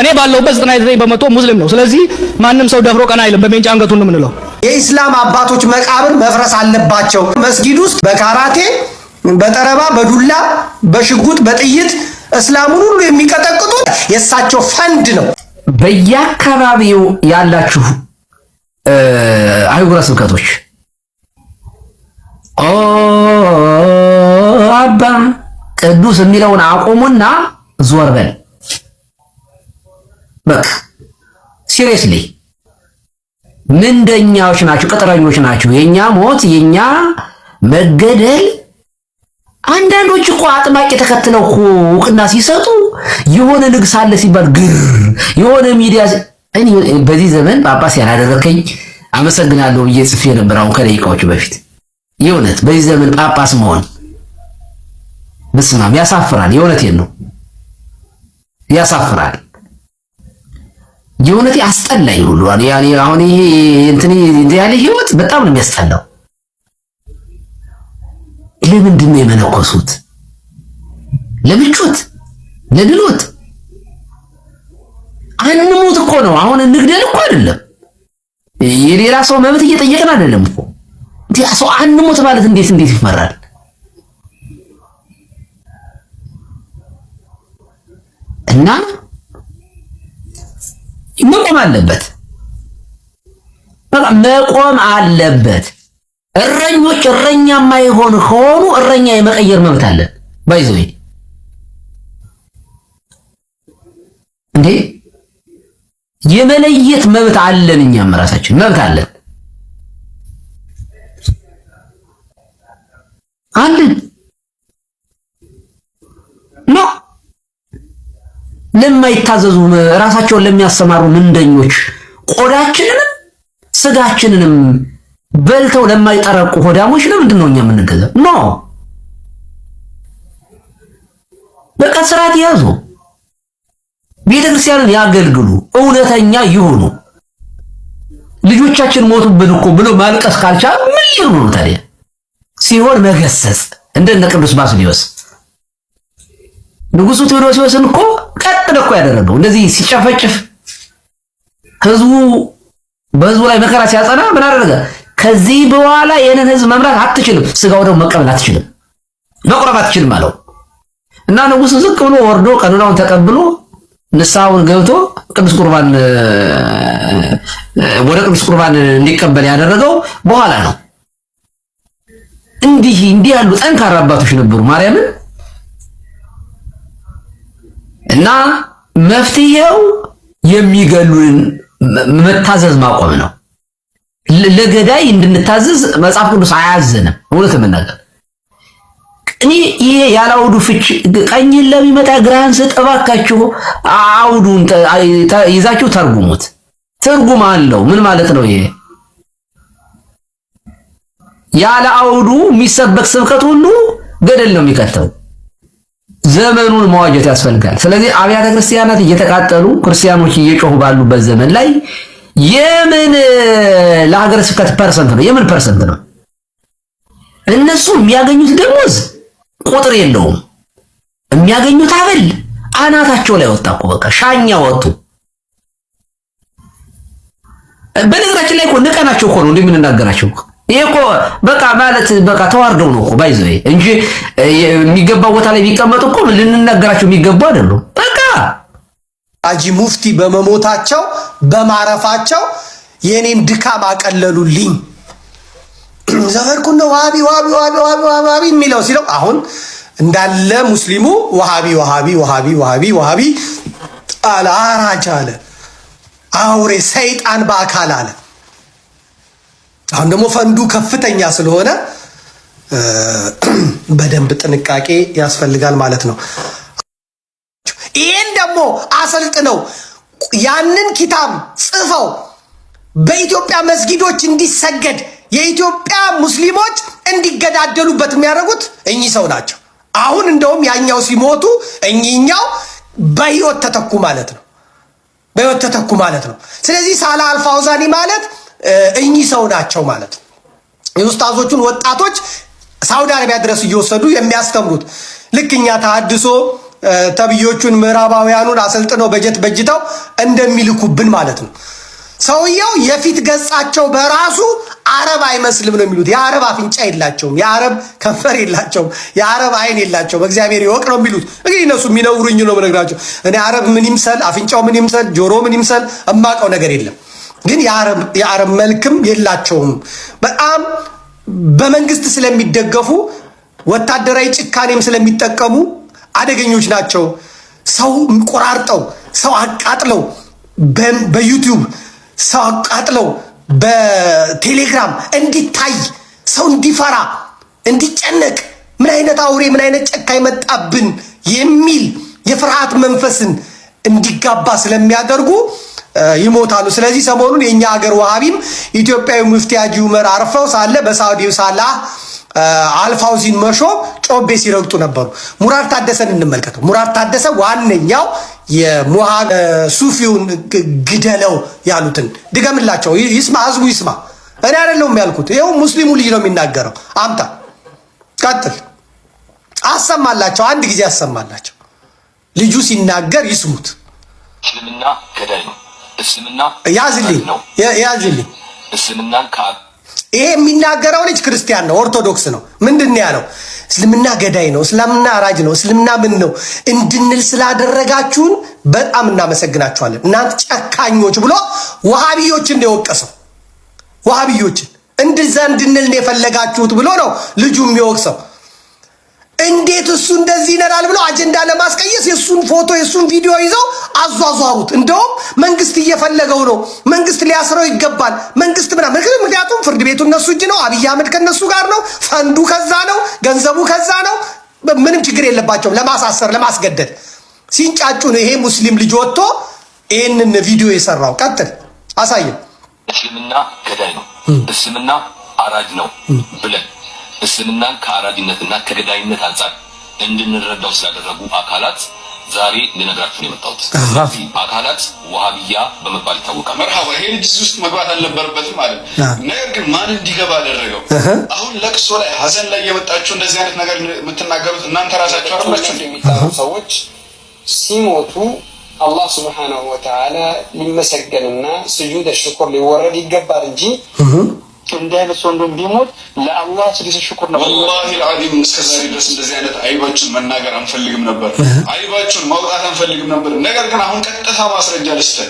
እኔ ባለሁበት 99 በመቶ ሙስሊም ነው። ስለዚህ ማንም ሰው ደፍሮ ቀና አይልም። በሜንጫ አንገቱ ነው የምንለው። የኢስላም አባቶች መቃብር መፍረስ አለባቸው። መስጊድ ውስጥ በካራቴ በጠረባ በዱላ በሽጉጥ በጥይት እስላሙን ሁሉ የሚቀጠቅጡት የእሳቸው ፈንድ ነው። በየአካባቢው ያላችሁ አህጉረ ስብከቶች አባ ቅዱስ የሚለውን አቁሙና ዞር በል በቃ ሲሪየስሊ ምንደኛዎች ናቸው፣ ቅጥረኞች ናቸው። የኛ ሞት የኛ መገደል አንዳንዶች እኮ አጥማቂ ተከትለው እኮ እውቅና ሲሰጡ የሆነ ንግስ አለ ሲባል ግር የሆነ ሚዲያ እኔ በዚህ ዘመን ጳጳስ ያላደረከኝ አመሰግናለሁ ብዬ ጽፌ ነበር፣ አሁን ከደቂቃዎቹ በፊት የእውነት በዚህ ዘመን ጳጳስ መሆን ብስማም ያሳፍራል። የእውነቴን ነው ያሳፍራል። የእውነቴ አስጠላኝ ሁሉ ያኔ አሁን ይሄ እንትን ያለ ህይወት በጣም ነው የሚያስጠላው። ለምንድን ነው የመነኮሱት? ለምቾት፣ ለድሎት አንሙት እኮ ነው። አሁን እንግደል እኮ አይደለም፣ የሌላ ሰው መብት እየጠየቅን አይደለም እኮ። ሰው አንሙት ማለት እንዴት እንዴት ይፈራል? እና መቆም አለበት። በቃ መቆም አለበት። እረኞች እረኛ የማይሆን ከሆኑ እረኛ የመቀየር መብት አለን። ባይዘ እንዴ የመለየት መብት አለን። እኛም ራሳችን መብት አለን አለን ነው ለማይታዘዙ ራሳቸውን ለሚያሰማሩ ምንደኞች ቆዳችንንም ስጋችንንም በልተው ለማይጠረቁ ሆዳሞች ለምንድን ነው እኛ የምንገዛው? ኖ በቃ ስርዓት ያዙ፣ ቤተክርስቲያንን ያገልግሉ፣ እውነተኛ ይሁኑ። ልጆቻችን ሞቱብን እኮ ብሎ ማልቀስ ካልቻለ ምን ይሁኑ ታዲያ? ሲሆን መገሰጽ እንደነ ቅዱስ ባስልዮስ ንጉሱ ቴዎዶሲዎስን እኮ ቀጥል እኮ ያደረገው እንደዚህ ሲጨፈጭፍ ህዝቡ በህዝቡ ላይ መከራ ሲያጸና ምን አደረገ? ከዚህ በኋላ ይህንን ህዝብ መምራት አትችልም፣ ስጋው ደግሞ መቀበል አትችልም፣ መቁረብ አትችልም አለው እና ንጉሱ ዝቅ ብሎ ወርዶ ቀኖናውን ተቀብሎ ንስሐውን ገብቶ ቅዱስ ቁርባን ወደ ቅዱስ ቁርባን እንዲቀበል ያደረገው በኋላ ነው። እንዲህ እንዲህ ያሉ ጠንካራ አባቶች ነበሩ ማርያምን እና መፍትሄው የሚገሉን መታዘዝ ማቆም ነው። ለገዳይ እንድንታዘዝ መጽሐፍ ቅዱስ አያዘንም። እውነት መናገር እኔ ይሄ ያላውዱ ፍች ቀኝን ለሚመጣ ግራህን ስጥ እባካችሁ። አውዱን ይዛችሁ ተርጉሙት። ትርጉም አለው። ምን ማለት ነው ይሄ? ያለ አውዱ የሚሰበክ ስብከት ሁሉ ገደል ነው የሚከተው። ዘመኑን መዋጀት ያስፈልጋል። ስለዚህ አብያተ ክርስቲያናት እየተቃጠሉ ክርስቲያኖች እየጮሁ ባሉበት ዘመን ላይ የምን ለሀገረ ስብከት ፐርሰንት ነው? የምን ፐርሰንት ነው? እነሱ የሚያገኙት ደሞዝ ቁጥር የለውም። የሚያገኙት አበል አናታቸው ላይ ወጣ እኮ በቃ ሻኛ ወጡ። በነገራችን ላይ እኮ ንቀናቸው እኮ ነው እንደምንናገራቸው ይሄ እኮ በቃ ማለት በቃ ተዋርደው ነው እኮ ባይዘው እንጂ የሚገባው ቦታ ላይ ቢቀመጡ እኮ ልንነገራቸው የሚገቡ አይደሉም። በቃ አጂ ሙፍቲ በመሞታቸው በማረፋቸው የኔን ድካም አቀለሉልኝ። ዘፈርኩን ነው ዋቢ ዋቢ ዋቢ ዋቢ ዋቢ የሚለው ሲለው አሁን እንዳለ ሙስሊሙ ዋሃቢ ዋሃቢ ዋሃቢ ዋሃቢ ዋሃቢ አለ። አራጅ አለ። አውሬ ሰይጣን በአካል አለ። አሁን ደግሞ ፈንዱ ከፍተኛ ስለሆነ በደንብ ጥንቃቄ ያስፈልጋል ማለት ነው። ይህን ደግሞ አሰልጥነው ያንን ኪታብ ጽፈው በኢትዮጵያ መስጊዶች እንዲሰገድ የኢትዮጵያ ሙስሊሞች እንዲገዳደሉበት የሚያደርጉት እኚህ ሰው ናቸው። አሁን እንደውም ያኛው ሲሞቱ እኚኛው በህይወት ተተኩ ማለት ነው። በህይወት ተተኩ ማለት ነው። ስለዚህ ሳላ አልፋውዛኒ ማለት እኚህ ሰው ናቸው ማለት ነው። የኡስታዞቹን ወጣቶች ሳውዲ አረቢያ ድረስ እየወሰዱ የሚያስተምሩት ልክ እኛ ተሐድሶ ተብዮቹን ምዕራባውያኑን አሰልጥነው በጀት በጅተው እንደሚልኩብን ማለት ነው። ሰውየው የፊት ገጻቸው በራሱ አረብ አይመስልም ነው የሚሉት። የአረብ አፍንጫ የላቸውም፣ የአረብ ከንፈር የላቸውም፣ የአረብ አይን የላቸውም። እግዚአብሔር ይወቅ ነው የሚሉት። እንግዲህ እነሱ የሚነውሩኝ ነው የምነግራቸው። እኔ አረብ ምን ይምሰል፣ አፍንጫው ምን ይምሰል፣ ጆሮ ምን ይምሰል እማቀው ነገር የለም። ግን የአረብ መልክም የላቸውም። በጣም በመንግስት ስለሚደገፉ ወታደራዊ ጭካኔም ስለሚጠቀሙ አደገኞች ናቸው። ሰው ቆራርጠው፣ ሰው አቃጥለው፣ በዩቲዩብ ሰው አቃጥለው፣ በቴሌግራም እንዲታይ ሰው እንዲፈራ እንዲጨነቅ፣ ምን አይነት አውሬ ምን አይነት ጨካኝ መጣብን የሚል የፍርሃት መንፈስን እንዲጋባ ስለሚያደርጉ ይሞታሉ። ስለዚህ ሰሞኑን የእኛ ሀገር ዋሃቢም ኢትዮጵያዊ ሙፍቲ ሀጂ ዑመር አርፈው ሳለ በሳውዲው ሳላህ አልፋውዚን መሾ ጮቤ ሲረግጡ ነበሩ። ሙራር ታደሰን እንመልከተው። ሙራር ታደሰ ዋነኛው ሱፊውን ግደለው ያሉትን ድገምላቸው፣ ይስማ ህዝቡ ይስማ። እኔ አይደለሁም ያልኩት፣ ይኸው ሙስሊሙ ልጅ ነው የሚናገረው። አምጣ፣ ቀጥል፣ አሰማላቸው። አንድ ጊዜ አሰማላቸው። ልጁ ሲናገር ይስሙት። እስልምና ገደል ነው እስልምና ያዝልኝ ያዝልኝ እስልምናን ይሄ የሚናገረው ልጅ ክርስቲያን ነው፣ ኦርቶዶክስ ነው። ምንድን ነው ያለው? እስልምና ገዳይ ነው፣ እስልምና አራጅ ነው፣ እስልምና ምን ነው እንድንል ስላደረጋችሁን በጣም እናመሰግናችኋለን፣ እናንተ ጨካኞች ብሎ ወሃቢዮችን ነው የወቀሰው። ወሃቢዮችን እንደዛ እንድንል ነው የፈለጋችሁት ብሎ ነው ልጁ የሚወቅሰው። እንዴት እሱ እንደዚህ ይነራል ብሎ አጀንዳ ለማስቀየስ የእሱን ፎቶ የእሱን ቪዲዮ ይዘው አዟዟሩት። እንደውም መንግስት እየፈለገው ነው፣ መንግስት ሊያስረው ይገባል፣ መንግስት ምናምን። ምክንያቱም ፍርድ ቤቱ እነሱ እጅ ነው፣ አብይ አህመድ ከነሱ ጋር ነው፣ ፈንዱ ከዛ ነው፣ ገንዘቡ ከዛ ነው። ምንም ችግር የለባቸውም ለማሳሰር ለማስገደል። ሲንጫጩ ነው። ይሄ ሙስሊም ልጅ ወጥቶ ይህንን ቪዲዮ የሰራው ቀጥል አሳየም። እስልምና ገዳይ ነው፣ እስልምና አራጅ ነው ብለን እስልምናን ከአራጅነትና ከገዳይነት አንጻር እንድንረዳው ስላደረጉ አካላት ዛሬ ልነግራችሁ ነው የመጣሁት። አካላት ዋሃብያ በመባል ይታወቃል። መርሃባ ይሄን ልጅ ውስጥ መግባት አልነበረበትም ማለት ነገር ግን ማን እንዲገባ አደረገው? አሁን ለቅሶ ላይ ሀዘን ላይ የመጣችሁ እንደዚህ አይነት ነገር የምትናገሩት እናንተ ራሳችሁ አላችሁ። እንደሚታሩ ሰዎች ሲሞቱ አላህ ስብሓናሁ ወተዓላ ሊመሰገንና ስጁድ ሽኩር ሊወረድ ይገባል እንጂ እንዲህ አይነት ሰው እንደውም ቢሞት ለአላህ ስለዚህ ሽኩር ነበር። ወላሂ አልዓዚም እስከዛሬ ድረስ እንደዚህ አይነት አይባችን መናገር አንፈልግም ነበር፣ አይባችን ማውጣት አንፈልግም ነበር። ነገር ግን አሁን ቀጥታ ማስረጃ ልስጥህ።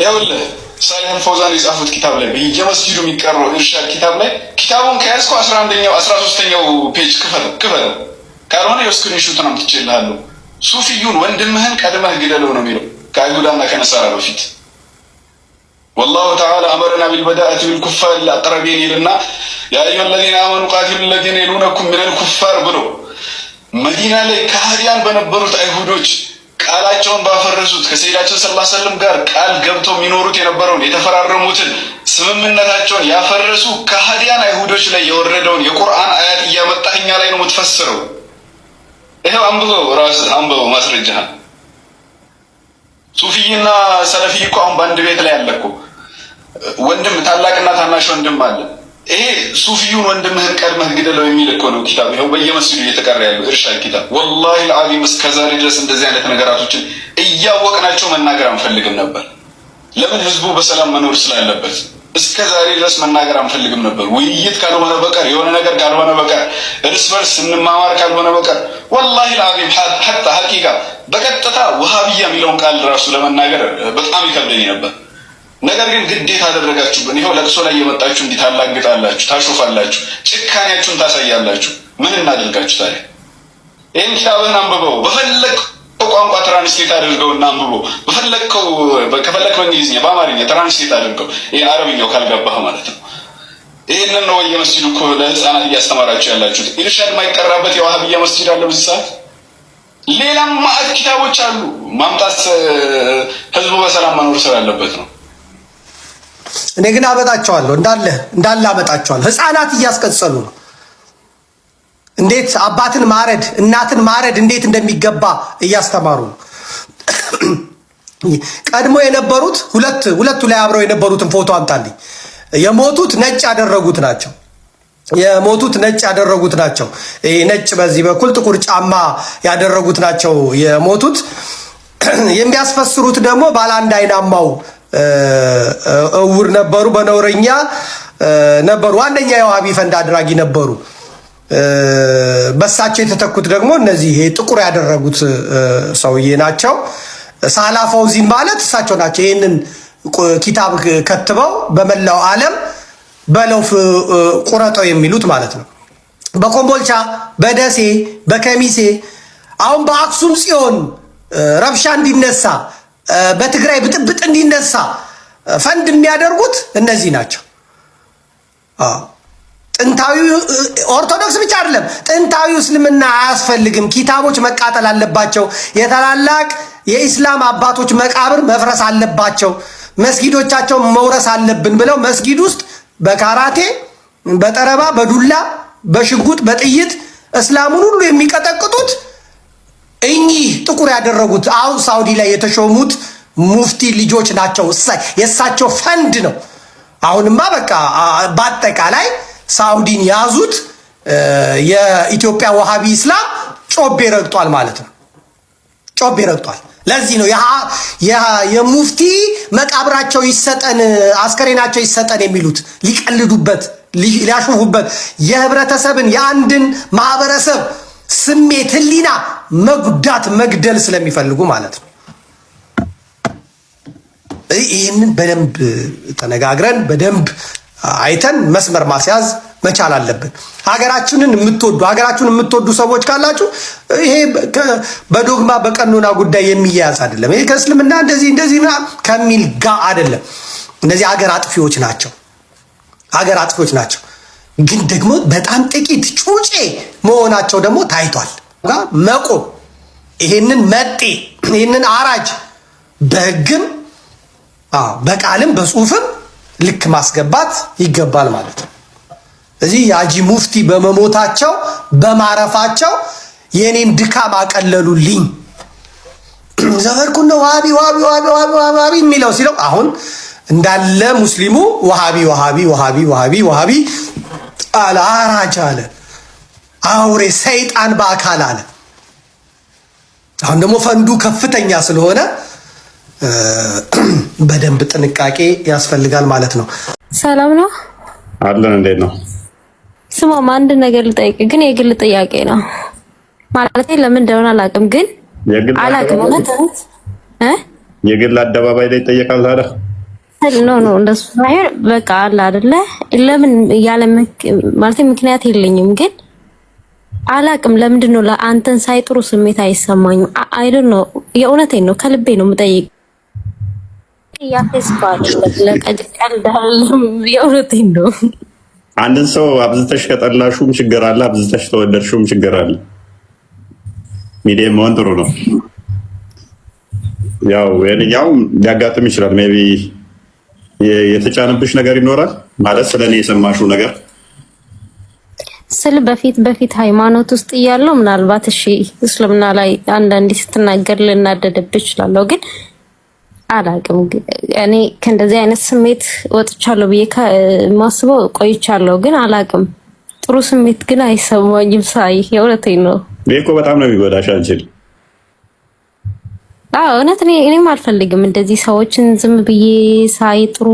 ይኸውልህ ሳሊህን ፈውዛን የጻፉት ኪታብ ላይ በየመስጂዱ የሚቀረው ኢርሻድ ኪታብ ላይ ኪታቡን ከያዝኩ አስራ አንደኛው አስራ ሶስተኛው ፔጅ ክፈል ክፈል፣ ካልሆነ የስክሪን ነው አምጥቼልሃለሁ። ሱፊዩን ወንድምህን ቀድመህ ግደለው ነው የሚለው ከአይሁዳና ከነሳራ በፊት ወላሁ ተዓላ አመረና ቢልበዳእት ቢልኩፋር ላጠረቤን ይልና ያ አዩሀ አመኑ ቃቲሉ ለዚነ የሉነኩም ሚነል ኩፋር ብሎ መዲና ላይ ከሃዲያን በነበሩት አይሁዶች ቃላቸውን ባፈረሱት ከሰይዳችን ስላ ሰለም ጋር ቃል ገብተው የሚኖሩት የነበረውን የተፈራረሙትን ስምምነታቸውን ያፈረሱ ከሃዲያን አይሁዶች ላይ የወረደውን የቁርአን አያት እያመጣህ እኛ ላይ ነው የምትፈስረው። ይኸው አንብበው፣ ራስህ አንብበው ማስረጃህን። ሱፊይና ሰለፊ እኮ አሁን በአንድ ቤት ላይ አለ ወንድም ታላቅና ታናሽ ወንድም አለ። ይሄ ሱፊዩን ወንድምህን ቀድመህ ግደለው የሚል እኮ ነው ኪታብ። ይኸው በየመስጊዱ እየተቀረ ያሉ እርሻ ኪታብ። ወላሂ ልአሊም እስከዛሬ ድረስ እንደዚህ አይነት ነገራቶችን እያወቅናቸው መናገር አንፈልግም ነበር። ለምን? ህዝቡ በሰላም መኖር ስላለበት እስከ ዛሬ ድረስ መናገር አንፈልግም ነበር። ውይይት ካልሆነ በቀር የሆነ ነገር ካልሆነ በቀር እርስ በርስ እንማማር ካልሆነ በቀር ወላሂ ልአዚም ሀቂቃ በቀጥታ ውሃብያ የሚለውን ቃል ራሱ ለመናገር በጣም ይከብደኝ ነበር። ነገር ግን ግዴታ አደረጋችሁብን። ይኸው ለቅሶ ላይ እየመጣችሁ እንዲህ ታላግጣላችሁ፣ ታሾፋላችሁ፣ ጭካኔያችሁን ታሳያላችሁ። ምን እናደርጋችሁ ታዲያ? ይህን ኪታብህን አንብበው በፈለግከው ቋንቋ ትራንስሌት አድርገው እና አንብበው በፈለግከው ከፈለግ በእንግሊዝኛ በአማርኛ ትራንስሌት አድርገው። ይህ አረብኛው ካልገባህ ማለት ነው። ይህንን ነው የመስጂዱ እኮ ለህፃናት እያስተማራችሁ ያላችሁት። ኢርሻድ የማይጠራበት የዋህብያ መስጂድ አለ በዚህ ሰዓት። ሌላም ማዕት ኪታቦች አሉ። ማምጣት ህዝቡ በሰላም መኖር ስላለበት ነው። እኔ ግን አመጣቸዋለሁ እንዳለ እንዳለ አመጣቸዋለሁ። ህፃናት እያስቀጸሉ ነው። እንዴት አባትን ማረድ እናትን ማረድ እንዴት እንደሚገባ እያስተማሩ ነው። ቀድሞ የነበሩት ሁለት ሁለቱ ላይ አብረው የነበሩትን ፎቶ አምጣልኝ። የሞቱት ነጭ ያደረጉት ናቸው። የሞቱት ነጭ ያደረጉት ናቸው። ነጭ በዚህ በኩል ጥቁር ጫማ ያደረጉት ናቸው የሞቱት። የሚያስፈስሩት ደግሞ ባለ አንድ አይናማው እውር ነበሩ፣ በነውረኛ ነበሩ። አንደኛ የዋቢ ፈንድ አድራጊ ነበሩ። በሳቸው የተተኩት ደግሞ እነዚህ ይሄ ጥቁር ያደረጉት ሰውዬ ናቸው። ሳላ ፈውዚን ማለት እሳቸው ናቸው። ይህንን ኪታብ ከትበው በመላው ዓለም በለውፍ ቁረጠው የሚሉት ማለት ነው። በኮምቦልቻ፣ በደሴ፣ በከሚሴ አሁን በአክሱም ጽዮን ረብሻ እንዲነሳ በትግራይ ብጥብጥ እንዲነሳ ፈንድ የሚያደርጉት እነዚህ ናቸው። ጥንታዊ ኦርቶዶክስ ብቻ አይደለም፣ ጥንታዊ እስልምና አያስፈልግም፣ ኪታቦች መቃጠል አለባቸው፣ የታላላቅ የኢስላም አባቶች መቃብር መፍረስ አለባቸው፣ መስጊዶቻቸው መውረስ አለብን ብለው መስጊድ ውስጥ በካራቴ በጠረባ በዱላ በሽጉጥ በጥይት እስላሙን ሁሉ የሚቀጠቅጡት እኚህ ጥቁር ያደረጉት አሁን ሳውዲ ላይ የተሾሙት ሙፍቲ ልጆች ናቸው። የእሳቸው ፈንድ ነው። አሁንማ በቃ በአጠቃላይ ሳውዲን ያዙት። የኢትዮጵያ ዋሃቢ ስላም ጮቤ ረግጧል ማለት ነው። ጮቤ ረግጧል። ለዚህ ነው የሙፍቲ መቃብራቸው ይሰጠን፣ አስከሬናቸው ይሰጠን የሚሉት ሊቀልዱበት፣ ሊያሾፉበት የህብረተሰብን የአንድን ማህበረሰብ ስሜት፣ ህሊና መጉዳት መግደል ስለሚፈልጉ ማለት ነው። ይህንን በደንብ ተነጋግረን በደንብ አይተን መስመር ማስያዝ መቻል አለብን። ሀገራችንን የምትወዱ ሀገራችሁን የምትወዱ ሰዎች ካላችሁ ይሄ በዶግማ በቀኖና ጉዳይ የሚያያዝ አይደለም። ይሄ ከእስልምና እንደዚህ እንደዚህ ከሚል ጋር አይደለም። እነዚህ ሀገር አጥፊዎች ናቸው። ሀገር አጥፊዎች ናቸው። ግን ደግሞ በጣም ጥቂት ጩጬ መሆናቸው ደግሞ ታይቷል። መቆ ይህንን ይሄንን መጤ ይሄንን አራጅ በህግም በቃልም በጽሁፍም ልክ ማስገባት ይገባል ማለት ነው። እዚህ የአጂ ሙፍቲ በመሞታቸው በማረፋቸው የኔን ድካም አቀለሉልኝ። ዘፈርኩን ነው ዋቢ ዋቢ ዋቢ ዋቢ የሚለው ሲለው አሁን እንዳለ ሙስሊሙ ዋሃቢ ዋሃቢ ዋሃቢ ዋሃቢ ዋሃቢ አለ አራጅ አለ አውሬ ሰይጣን በአካል አለ። አሁን ደግሞ ፈንዱ ከፍተኛ ስለሆነ በደንብ ጥንቃቄ ያስፈልጋል ማለት ነው። ሰላም ነው አለን። እንዴት ነው? ስማም አንድ ነገር ልጠይቅ፣ ግን የግል ጥያቄ ነው ማለት ለምን እንደሆነ አላውቅም፣ ግን አላውቅም። የግል አደባባይ ላይ ይጠየቃል ታዲያ ኖ ኖ እንደሱ ሳይሆን በቃ አለ አይደለ? ለምን ያለ ማለት ምክንያት የለኝም፣ ግን አላቅም። ለምንድን ነው ለአንተን ሳይጥሩ ስሜት አይሰማኝም? አይ ዶንት ኖ። የእውነቴን ነው፣ ከልቤ ነው የምጠይቅ። ያ የእውነቴን ነው። አንድን ሰው አብዝተሽ ከጠላሹም ችግር አለ፣ አብዝተሽ ተወደድሹም ችግር አለ። ሚዲየም መሆን ጥሩ ነው። ያው ያው ሊያጋጥም ይችላል ሜይ ቢ የተጫነብሽ ነገር ይኖራል ማለት ስለ እኔ የሰማሽው ነገር ስል በፊት በፊት ሃይማኖት ውስጥ እያለው ምናልባት እሺ እስልምና ላይ አንዳንዴ ስትናገር ልናደድብህ እችላለሁ፣ ግን አላውቅም። እኔ ከእንደዚህ አይነት ስሜት ወጥቻለሁ ብዬ ማስበው ቆይቻለሁ፣ ግን አላውቅም። ጥሩ ስሜት ግን አይሰማኝም ሳይ የእውነቴን ነው። ይህ እኮ በጣም ነው የሚጎዳሽ አንቺን እውነት እኔም አልፈልግም እንደዚህ ሰዎችን ዝም ብዬ ሳይጥሩ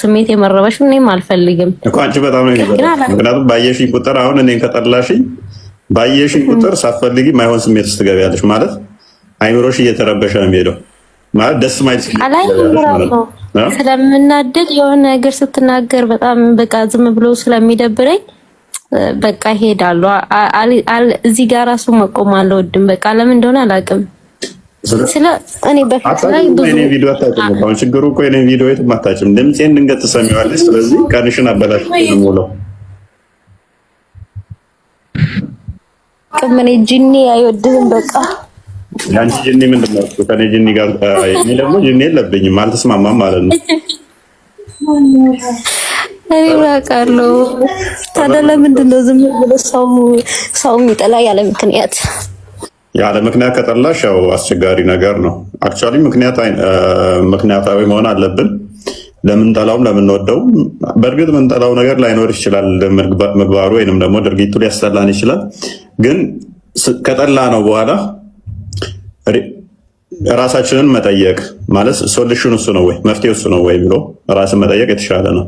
ስሜት የመረበሽ እኔም አልፈልግም እኮ አንቺ በጣም ምክንያቱም ባየሽኝ ቁጥር አሁን እኔን ከጠላሽኝ ባየሽኝ ቁጥር ሳትፈልጊ ማይሆን ስሜት ውስጥ ትገቢያለሽ ማለት አይምሮሽ እየተረበሸ ነው የሚሄደው ማለት ደስ ማይል ስለምናደድ የሆነ ነገር ስትናገር በጣም በቃ ዝም ብሎ ስለሚደብረኝ በቃ ይሄዳሉ እዚህ ጋር ራሱ መቆም አልወድም በቃ ለምን እንደሆነ አላውቅም ስለ እኔ በፊት ላይ ብዙ ቪዲዮ አታጭም። አሁን ችግሩ እኮ የኔ ቪዲዮ የትም አታጭም። ድምፄን ድንገት ትሰሚዋለች። ስለዚህ ቀንሽን አበላሽ ሙለው ቅምኔ ጅኒ አይወድህም። በቃ የአንቺ ጅኒ ምንድን ነው? ከኔ ጅኒ ጋር እኔ ደግሞ ጅኒ የለብኝም፣ አልተስማማም ማለት ነው። እኔ እራቃለሁ። ታዲያ ለምንድን ነው ዝም ብሎ ሰው ሰው የሚጠላ ያለ ምክንያት? ያለ ምክንያት ከጠላሽ ያው አስቸጋሪ ነገር ነው። አክቹዋሊ ምክንያታዊ መሆን አለብን። ለምንጠላውም ለምንወደውም። በእርግጥ ምንጠላው ነገር ላይኖር ይችላል፣ ምግባሩ ወይንም ደግሞ ድርጊቱ ሊያስጠላን ይችላል። ግን ከጠላ ነው በኋላ ራሳችንን መጠየቅ ማለት ሶሉሽን እሱ ነው ወይ መፍትሄ እሱ ነው ወይ ብሎ ራስን መጠየቅ የተሻለ ነው።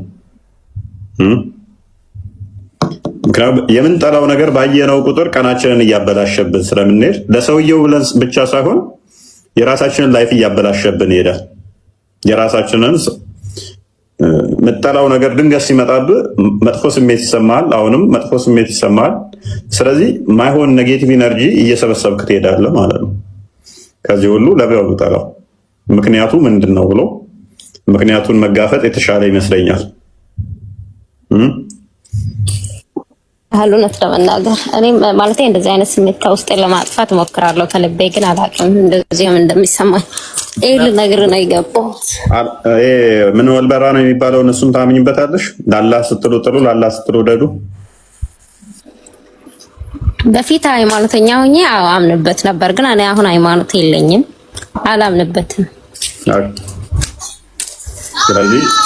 ምክንያቱም የምንጠላው ነገር ባየነው ቁጥር ቀናችንን እያበላሸብን ስለምንሄድ ለሰውየው ብለን ብቻ ሳይሆን የራሳችንን ላይፍ እያበላሸብን ይሄዳል። የራሳችንን የምጠላው ነገር ድንገት ሲመጣብ መጥፎ ስሜት ይሰማል አሁንም መጥፎ ስሜት ይሰማል። ስለዚህ ማይሆን ኔጌቲቭ ኢነርጂ እየሰበሰብክ ትሄዳለህ ማለት ነው። ከዚህ ሁሉ ለብያው ጠላው ምክንያቱ ምንድን ነው ብሎ ምክንያቱን መጋፈጥ የተሻለ ይመስለኛል። ያህል እውነት ለመናገር እኔም ማለት እንደዚህ አይነት ስሜት ከውስጤ ለማጥፋት እሞክራለሁ፣ ከልቤ ግን አላውቅም። እንደዚህም እንደሚሰማኝ ይህ ልነግር ነው የገባው። ምን ወልበራ ነው የሚባለውን እሱን ታምኝበታለሽ? ላላ ስትሉ ጥሉ፣ ላላ ስትሉ ደዱ። በፊት ሃይማኖተኛ ሆኜ አምንበት ነበር፣ ግን እኔ አሁን ሃይማኖት የለኝም፣ አላምንበትም።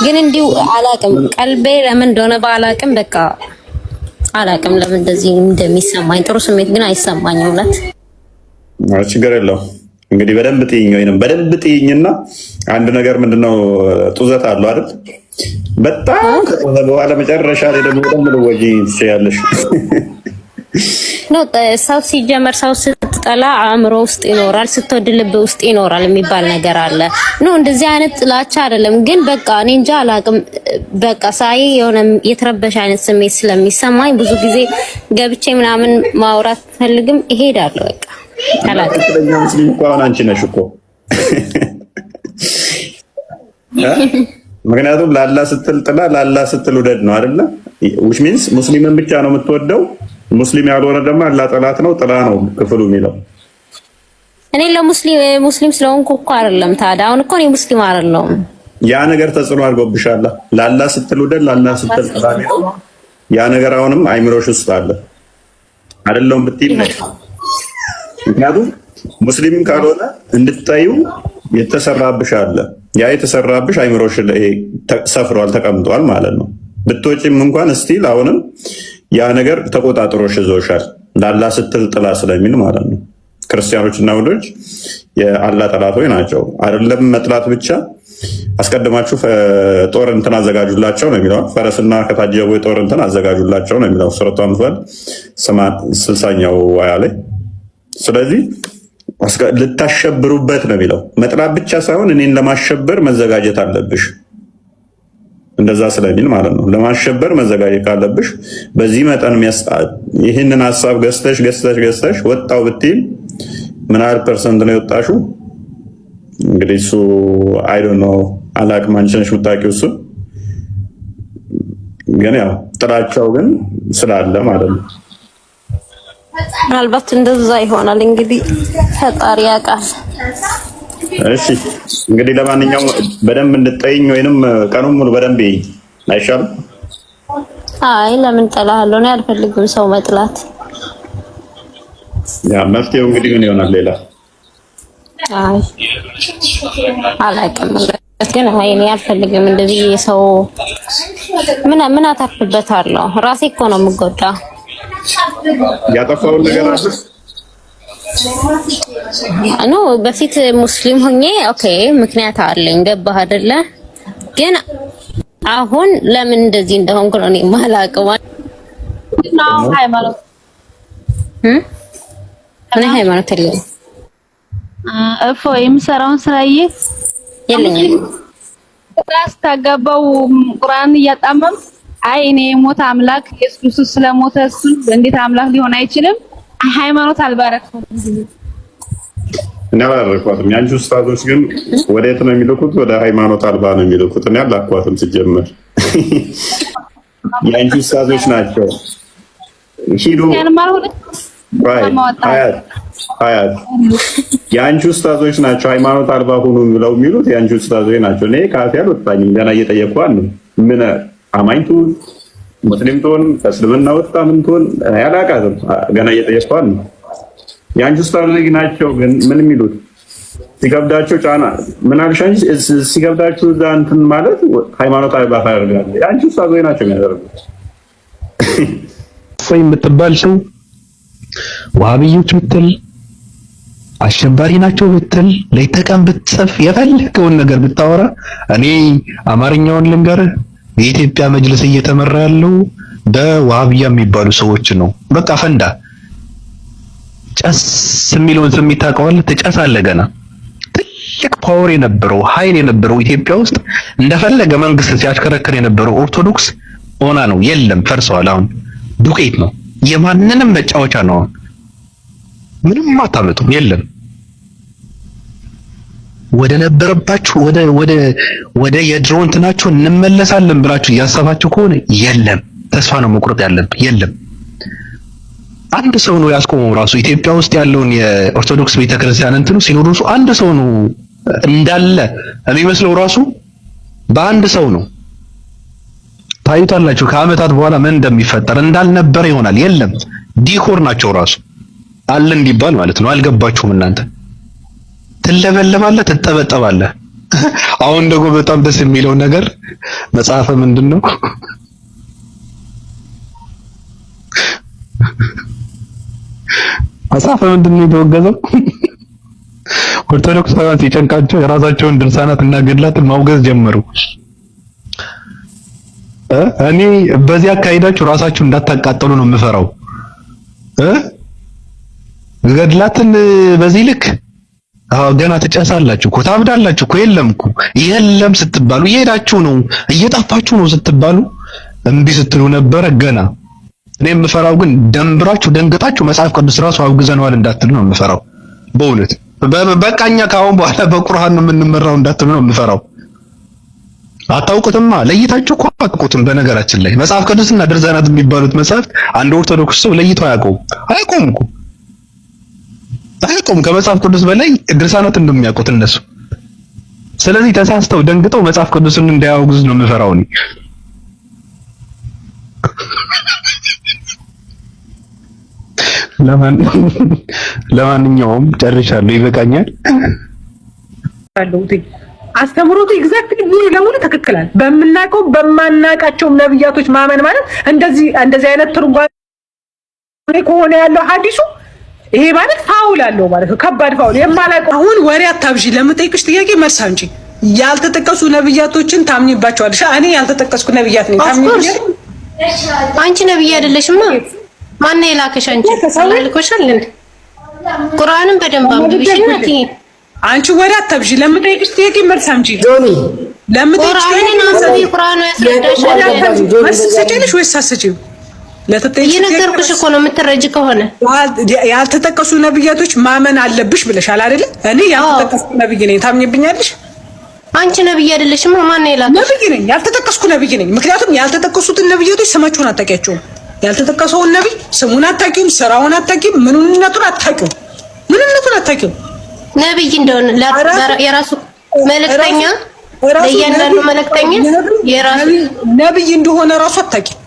ግን እንዲሁ አላውቅም፣ ቀልቤ ለምን እንደሆነ ባላውቅም በቃ አላቅም ለምን እንደዚህ እንደሚሰማኝ ጥሩ ስሜት ግን አይሰማኝ። እውነት ችግር የለው እንግዲህ በደንብ ጥይኝ ወይም በደንብ ጥይኝና አንድ ነገር ምንድነው ጡዘት አለው አይደል? በጣም ከጦዘ በኋላ መጨረሻ ላይ ደግሞ በደንብ ልወጂ ትችያለሽ ነው ሰው ሲጀመር ሰው ስት ስትጠላ አእምሮ ውስጥ ይኖራል፣ ስትወድ ልብ ውስጥ ይኖራል የሚባል ነገር አለ። ኖ እንደዚህ አይነት ጥላቻ አይደለም፣ ግን በቃ እኔ እንጃ አላቅም። በቃ ሳይ የሆነ የተረበሽ አይነት ስሜት ስለሚሰማኝ ብዙ ጊዜ ገብቼ ምናምን ማውራት ፈልግም እሄዳለሁ። በቃ አላቅም። አንቺ ነሽ እኮ ምክንያቱም ላላ ስትል ጥላ ላላ ስትል ውደድ ነው አይደለ? ዊች ሚንስ ሙስሊምን ብቻ ነው የምትወደው ሙስሊም ያልሆነ ደግሞ አላ ጠላት ነው ጥላ ነው ክፍሉ የሚለው እኔ ለሙስሊም ሙስሊም ስለሆንኩ እኮ አይደለም። ታዲያ አሁን እኮ እኔ ሙስሊም አይደለሁም። ያ ነገር ተጽዕኖ አድርጎብሻል። ላላ ስትል ውደድ፣ ላላ ስትል ጥላ። ያ ነገር አሁንም አይምሮሽ ውስጥ አለ አይደለሁም ብትይ ነው። ምክንያቱም ሙስሊም ካልሆነ እንድትጠዩ የተሰራብሽ አለ። ያ የተሰራብሽ አይምሮሽ ሰፍሯል፣ ተቀምጧል ማለት ነው። ብትወጪም እንኳን ስቲል አሁንም ያ ነገር ተቆጣጥሮ ሽዞሻል። ለአላህ ስትል ጥላ ስለሚል ማለት ነው። ክርስቲያኖችና የአላ የአላህ ጠላቶች ናቸው። አይደለም መጥላት ብቻ አስቀድማችሁ ጦር እንትን አዘጋጁላቸው ነው የሚለው። ፈረስና ከታጀቡ የጦር እንትን አዘጋጁላቸው ነው የሚለው ሱረቱ አንፋል ስልሳኛው አያ ላይ። ስለዚህ ልታሸብሩበት ነው የሚለው። መጥላት ብቻ ሳይሆን እኔን ለማሸበር መዘጋጀት አለብሽ። እንደዛ ስለሚል ማለት ነው። ለማሸበር መዘጋጀት ካለብሽ በዚህ መጠን ይህንን ሀሳብ ገዝተሽ ገዝተሽ ገዝተሽ ወጣው ብትይም ምን ያህል ፐርሰንት ነው የወጣሹ? እንግዲህ እሱ አይዶ ነው አላቅም። አንቺ ነሽ የምታውቂው። እሱ ግን ያው ጥላቻው ግን ስላለ ማለት ነው። ምናልባት እንደዛ ይሆናል እንግዲህ ፈጣሪ ያውቃል። እሺ እንግዲህ ለማንኛውም በደንብ እንድጠይኝ ወይንም ቀኑን ሙሉ በደንብ ይይኝ አይሻልም? አይ ለምን ጠላሃለሁ? እኔ አልፈልግም ሰው መጥላት። ያ መፍትሄው እንግዲህ ምን ይሆናል? ሌላ አይ አላውቅም። ግን አይ እኔ አልፈልግም እንደዚህ ሰው ምን ምን አታፍበታለሁ? ራሴ እኮ ነው የምጎዳው ያጠፋውን ነገር አለ ኖ በፊት ሙስሊም ሆኜ ኦኬ፣ ምክንያት አለኝ ገባህ አይደለ? ግን አሁን ለምን እንደዚህ እንደሆንኩ ነው እኔ የማላውቀው። እኔ ሃይማኖት የለኝም። እፎ የሚሰራውን ስራዬ የለኝም። ራስ ታገባው ቁርአን እያጣመም አይ እኔ የሞተ አምላክ ኢየሱስ ስለሞተ እሱ እንዴት አምላክ ሊሆን አይችልም ሃይማኖት አልባረክኩም። እኔ አላረኳትም። የአንቺ ውስታዞች ግን ወዴት ነው የሚልኩት? ወደ ሃይማኖት አልባ ነው የሚልኩት። እኔ አላኳትም። ሲጀመር የአንቺ ውስታዞች ናቸው። ሂዱ አያት የአንቺ ውስታዞች ናቸው ሃይማኖት አልባ ሁኑ ብለው የሚሉት የአንቺ ውስታዞች ናቸው። እኔ ካፌ አልወጣኝም። ገና እየጠየኳት ነው ምን አማኝቱ ሙስሊም ትሆን ከእስልምና ወጣ ምን ትሆን ያላቃትም ገና እየጠየቅኳት ነው። የአንቺ ኡስታዝ ናቸው ግን ምን የሚሉት ሲገብዳቸው ጫና ምን አልሽ ሲገብዳቸው ሲከብዳችሁ እዛ እንትን ማለት ሃይማኖት ባፋ ያደርጋል። የአንቺ ኡስታዝ ናቸው የሚያደርጉት። እፎይ የምትባል ሰው ዋህብዮች ምትል አሸባሪ ናቸው ብትል ለይተቀን ብትጽፍ የፈለገውን ነገር ብታወራ እኔ አማርኛውን ልንገርህ የኢትዮጵያ መጅልስ እየተመራ ያለው በዋብያ የሚባሉ ሰዎች ነው። በቃ ፈንዳ ጨስ የሚለውን ስሜት ታውቀዋለህ። ትጨሳለህ። ገና ትልቅ ፓወር የነበረው ኃይል የነበረው ኢትዮጵያ ውስጥ እንደፈለገ መንግስት ሲያሽከረክር የነበረው ኦርቶዶክስ ኦና ነው። የለም ፈርሰዋል። አሁን ዱቄት ነው። የማንንም መጫወቻ ነው። ምንም አታመጡም። የለም ወደ ነበረባችሁ ወደ ወደ ወደ የድሮ እንትናችሁ እንመለሳለን ብላችሁ እያሰባችሁ ከሆነ የለም፣ ተስፋ ነው መቁረጥ ያለብን። የለም አንድ ሰው ነው ያስቆመው። ራሱ ኢትዮጵያ ውስጥ ያለውን የኦርቶዶክስ ቤተክርስቲያን እንትኑ ሲኖዶሱ አንድ ሰው ነው እንዳለ የሚመስለው ራሱ በአንድ ሰው ነው። ታዩታላችሁ ከአመታት በኋላ ምን እንደሚፈጠር እንዳልነበረ ይሆናል። የለም ዲኮር ናቸው ራሱ አለ እንዲባል ማለት ነው። አልገባችሁም እናንተ ትለበለባለህ፣ ትጠበጠባለህ። አሁን ደግሞ በጣም ደስ የሚለው ነገር መጽሐፈ ምንድን ነው መጽሐፈ ምንድን ነው የተወገዘው? ኦርቶዶክሳውያን ሲጨንቃቸው የራሳቸውን ድርሳናት እና ገድላትን ማውገዝ ጀመሩ። እኔ በዚህ አካሄዳችሁ ራሳችሁ እንዳታቃጠሉ ነው የምፈራው። ገድላትን በዚህ ልክ አዎ ገና ትጨሳላችሁ እኮ ታብዳላችሁ እኮ የለም እኮ የለም ስትባሉ እየሄዳችሁ ነው እየጠፋችሁ ነው ስትባሉ እምቢ ስትሉ ነበረ ገና እኔ የምፈራው ግን ደንብራችሁ ደንገጣችሁ መጽሐፍ ቅዱስ ራሱ አውግዘነዋል እንዳትሉ ነው የምፈራው በእውነት በቃኛ ከአሁን በኋላ በቁርአን ነው የምንመራው እንዳትሉ ነው የምፈራው አታውቁትማ ለይታችሁ እኮ አታውቁትም በነገራችን ላይ መጽሐፍ ቅዱስና ድርሳናት የሚባሉት መጽሐፍት አንድ ኦርቶዶክስ ሰው ለይቶ አያውቀውም አያውቀውም እኮ አያውቁም። ከመጽሐፍ ቅዱስ በላይ ድርሳናት እንደሚያውቁት እነሱ። ስለዚህ ተሳስተው ደንግጠው መጽሐፍ ቅዱስን እንዳያወግዙ ነው የምፈራው እኔ። ለማንኛውም ጨርሻለሁ፣ ይበቃኛል። አስተምሮቱ ኤግዛክትሊ ሙሉ ለሙሉ ትክክላል። በምናውቀው በማናውቃቸውም ነብያቶች ማመን ማለት እንደዚህ እንደዚህ አይነት ትርጓሜ ከሆነ ያለው ሀዲሱ ይሄ ማለት ፋውል አለው ማለት ነው። ከባድ ፋውል የማላውቀው። አሁን ወሬ አታብዢ። ለምጠይቅሽ ጥያቄ መልስ አንቺ ያልተጠቀሱ ነብያቶችን ታምኝባቸዋለሽ። እኔ ያልተጠቀስኩ ነብያት ነኝ። አንቺ ነብይ አይደለሽማ። ማነው የላከሽ? አንቺ ተላልኮሻል እንዴ? ቁርአንን በደንብ አንብብሽ እናቴ። አንቺ ወሬ አታብዢ። ለምጠይቅሽ ጥያቄ መልስ አንቺ ጆኒ ለምጠይቅሽ ቁርአንን አንብቢ። ቁርአን ያስረዳሻል። መልስ ሰጪልሽ ወይስ አሰጪው? የነገርኩሽ እኮ ነው። የምትረጅ ከሆነ ያልተጠቀሱ ነብያቶች ማመን አለብሽ ብለሻል አይደለ? እኔ ያልተጠቀሱ ነብይ ነኝ ታምኝብኛለሽ? አንቺ ነብይ አይደለሽም። ማን ነው ነብይ ነኝ፣ ያልተጠቀስኩ ነብይ ነኝ። ምክንያቱም ያልተጠቀሱትን ነብያቶች ስማቸውን አታውቂያቸውም። ያልተጠቀሰውን ነብይ ስሙን አታውቂውም፣ ስራውን አታውቂም፣ ምንነቱን አታውቂውም፣ ምንነቱን አታውቂውም። ነብይ እንደሆነ የራሱ መልእክተኛ፣ ለእያንዳንዱ መልእክተኛ የራሱ ነብይ እንደሆነ ራሱ አታውቂም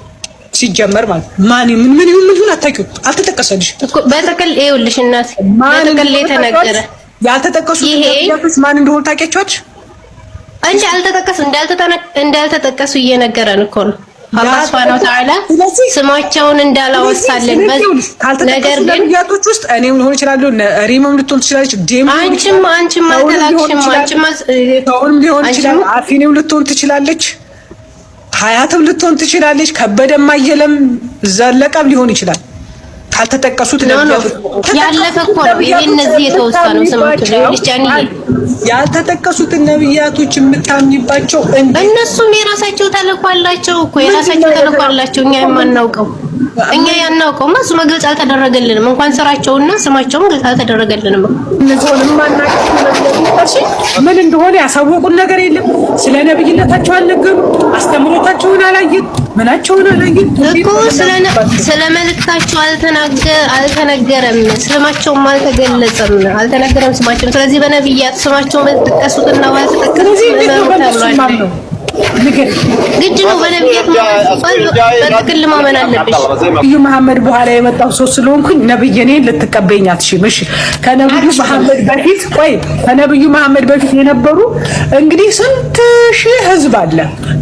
ሲጀመር ማለት ማን ምን ምን ይሁን ምን ይሁን አታውቂው፣ አልተጠቀሰልሽ እኮ በትክክል ይኸውልሽ፣ እናት በትክክል የተነገረ ያልተጠቀሱ ይሄ ማን እንደሆነ ታውቂያቸዋለሽ እንጂ አልተጠቀሱ እንዳልተጠቀሱ እየነገረን እኮ ነው አላህ Subhanahu Wa ስማቸውን እንዳላወሳለን። ነገር ግን ያቶች ውስጥ እኔም ልሆን ይችላል፣ ሪምም ልትሆን ትችላለች፣ ዴም አንቺም አንቺም አልተላክሽም፣ አንቺም ሊሆን ይችላል፣ አፊኔም ልትሆን ትችላለች። ሀያትም ልትሆን ትችላለች። ከበደም አየለም ዘለቀም ሊሆን ይችላል። ካልተጠቀሱት ያለፈ እኮ ነው። እነዚህ የተወሰኑ ያልተጠቀሱትን ነብያቶች የምታምኝባቸው እነሱም የራሳቸው ተልእኮ አላቸው እኮ የራሳቸው ተልእኮ አላቸው። እኛ የማናውቀው እኛ ያናውቀው እሱ መግለጽ አልተደረገልንም። እንኳን ስራቸውና ስማቸውም ግልጽ አልተደረገልንም። ምን እንደሆነ ያሳወቁን ነገር የለም። ስለ ነብይነታቸው አልነገሩ፣ አስተምሮታቸውን አላየን፣ ምናቸውን አላየን እኮ ስለ መልእክታቸው አልተነገረም፣ ስማቸውም አልተገለጸም፣ አልተነገረም ስማቸውም አልተገለጸም አልተነገረም ስማቸው ስለዚህ በነብያት ስማቸው በተጠቀሱትና ባልተጠቀሱት ነው ግድ ነው። በነብያት በጥቅል ማመን አለብሽ። ነብዩ መሐመድ በኋላ የመጣው ሰው ስለሆንኩኝ ነብይ እኔን አትሽም። እሺ ከነብዩ መሐመድ በፊት ቆይ፣ ከነብዩ መሐመድ በፊት የነበሩ እንግዲህ ስንት ሺህ ህዝብ አለ።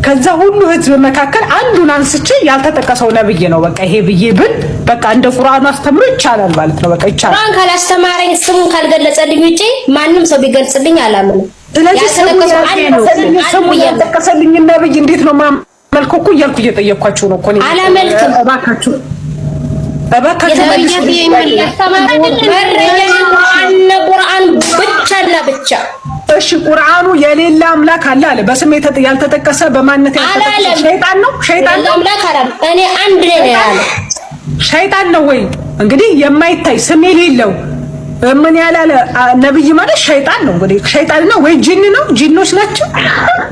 ከዛ ሁሉ ህዝብ መካከል አንዱን አንስቼ ያልተጠቀሰው ነብይ ነው። በቃ ይሄ ብዬ በቃ እንደ ቁርአኑ አስተምሮ ይቻላል ማለት ነው። በቃ ይቻላል። ቁርአን ካላስተማረኝ ስሙን ካልገለጸልኝ ውጪ ማንም ሰው ቢገልጽልኝ አላምንም። ስለዚህ ስሙ እንዴት ነው ማመልኮ እኮ እያልኩ እየጠየኳችሁ ነው እኮ አላመልክም። እባካችሁ እባካችሁ መረጃ ቁርአን ብቻ እና ብቻ እሺ ቁርአኑ የሌላ አምላክ አለ አለ። በስም ያልተጠቀሰ በማንነት ያልተጠቀሰ ሸይጣን ነው ሸይጣን ነው አምላክ አላለም። እኔ አንድ ነኝ ያለ ሸይጣን ነው ወይ እንግዲህ የማይታይ ስም የሌለው ምን ያላለ ነብይ ማለት ሸይጣን ነው። እንግዲህ ሸይጣን ነው ወይ ጂን ነው? ጂኖች ናቸው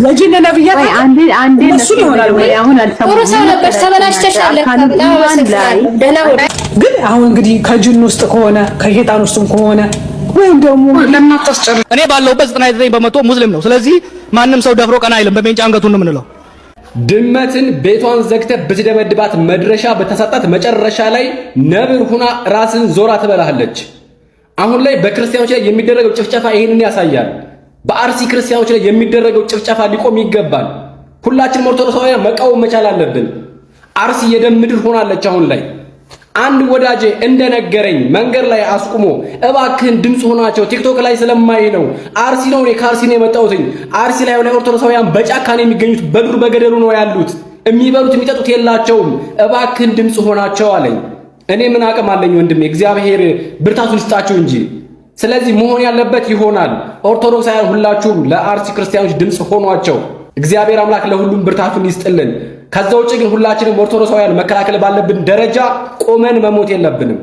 የጂን ነብያት። አንዴ አንዴ እሱ ይሆናል ወይ አሁን አልተሰማም ጥሩ ሰው ነበር ተበላሽተሻል። ግን አሁን እንግዲህ ከጂን ውስጥ ከሆነ ከሸይጣን ውስጥም ከሆነ ወይም ደግሞ ለማታስጨር እኔ ባለሁበት 99 በመቶ ሙስሊም ነው። ስለዚህ ማንም ሰው ደፍሮ ቀና አይልም። በሜንጫ አንገቱን ነው የምንለው። ድመትን ቤቷን ዘግተህ ብትደበድባት መድረሻ በተሰጣት መጨረሻ ላይ ነብር ሁና ራስን ዞራ ትበላለች። አሁን ላይ በክርስቲያኖች ላይ የሚደረገው ጭፍጨፋ ይህንን ያሳያል። በአርሲ ክርስቲያኖች ላይ የሚደረገው ጭፍጨፋ ሊቆም ይገባል። ሁላችንም ኦርቶዶክሳውያን መቃወም መቻል አለብን። አርሲ የደም ምድር ሆናለች። አሁን ላይ አንድ ወዳጄ እንደነገረኝ መንገድ ላይ አስቁሞ እባክህን ድምፅ ሆናቸው ቲክቶክ ላይ ስለማይ ነው። አርሲ ነው፣ እኔ ከአርሲ ነው የመጣሁትኝ። አርሲ ላይ ሆነ ኦርቶዶክሳውያን በጫካ ነው የሚገኙት፣ በዱር በገደሉ ነው ያሉት። የሚበሉት የሚጠጡት የላቸውም። እባክህን ድምፅ ሆናቸው አለኝ። እኔ ምን አቅም አለኝ ወንድሜ፣ እግዚአብሔር ብርታቱን ይስጣችሁ እንጂ። ስለዚህ መሆን ያለበት ይሆናል። ኦርቶዶክሳውያን ሁላችሁም ለአርሲ ክርስቲያኖች ድምፅ ሆኗቸው። እግዚአብሔር አምላክ ለሁሉም ብርታቱን ይስጥልን። ከዛ ውጭ ግን ሁላችንም ኦርቶዶክሳውያን መከላከል ባለብን ደረጃ ቆመን መሞት የለብንም።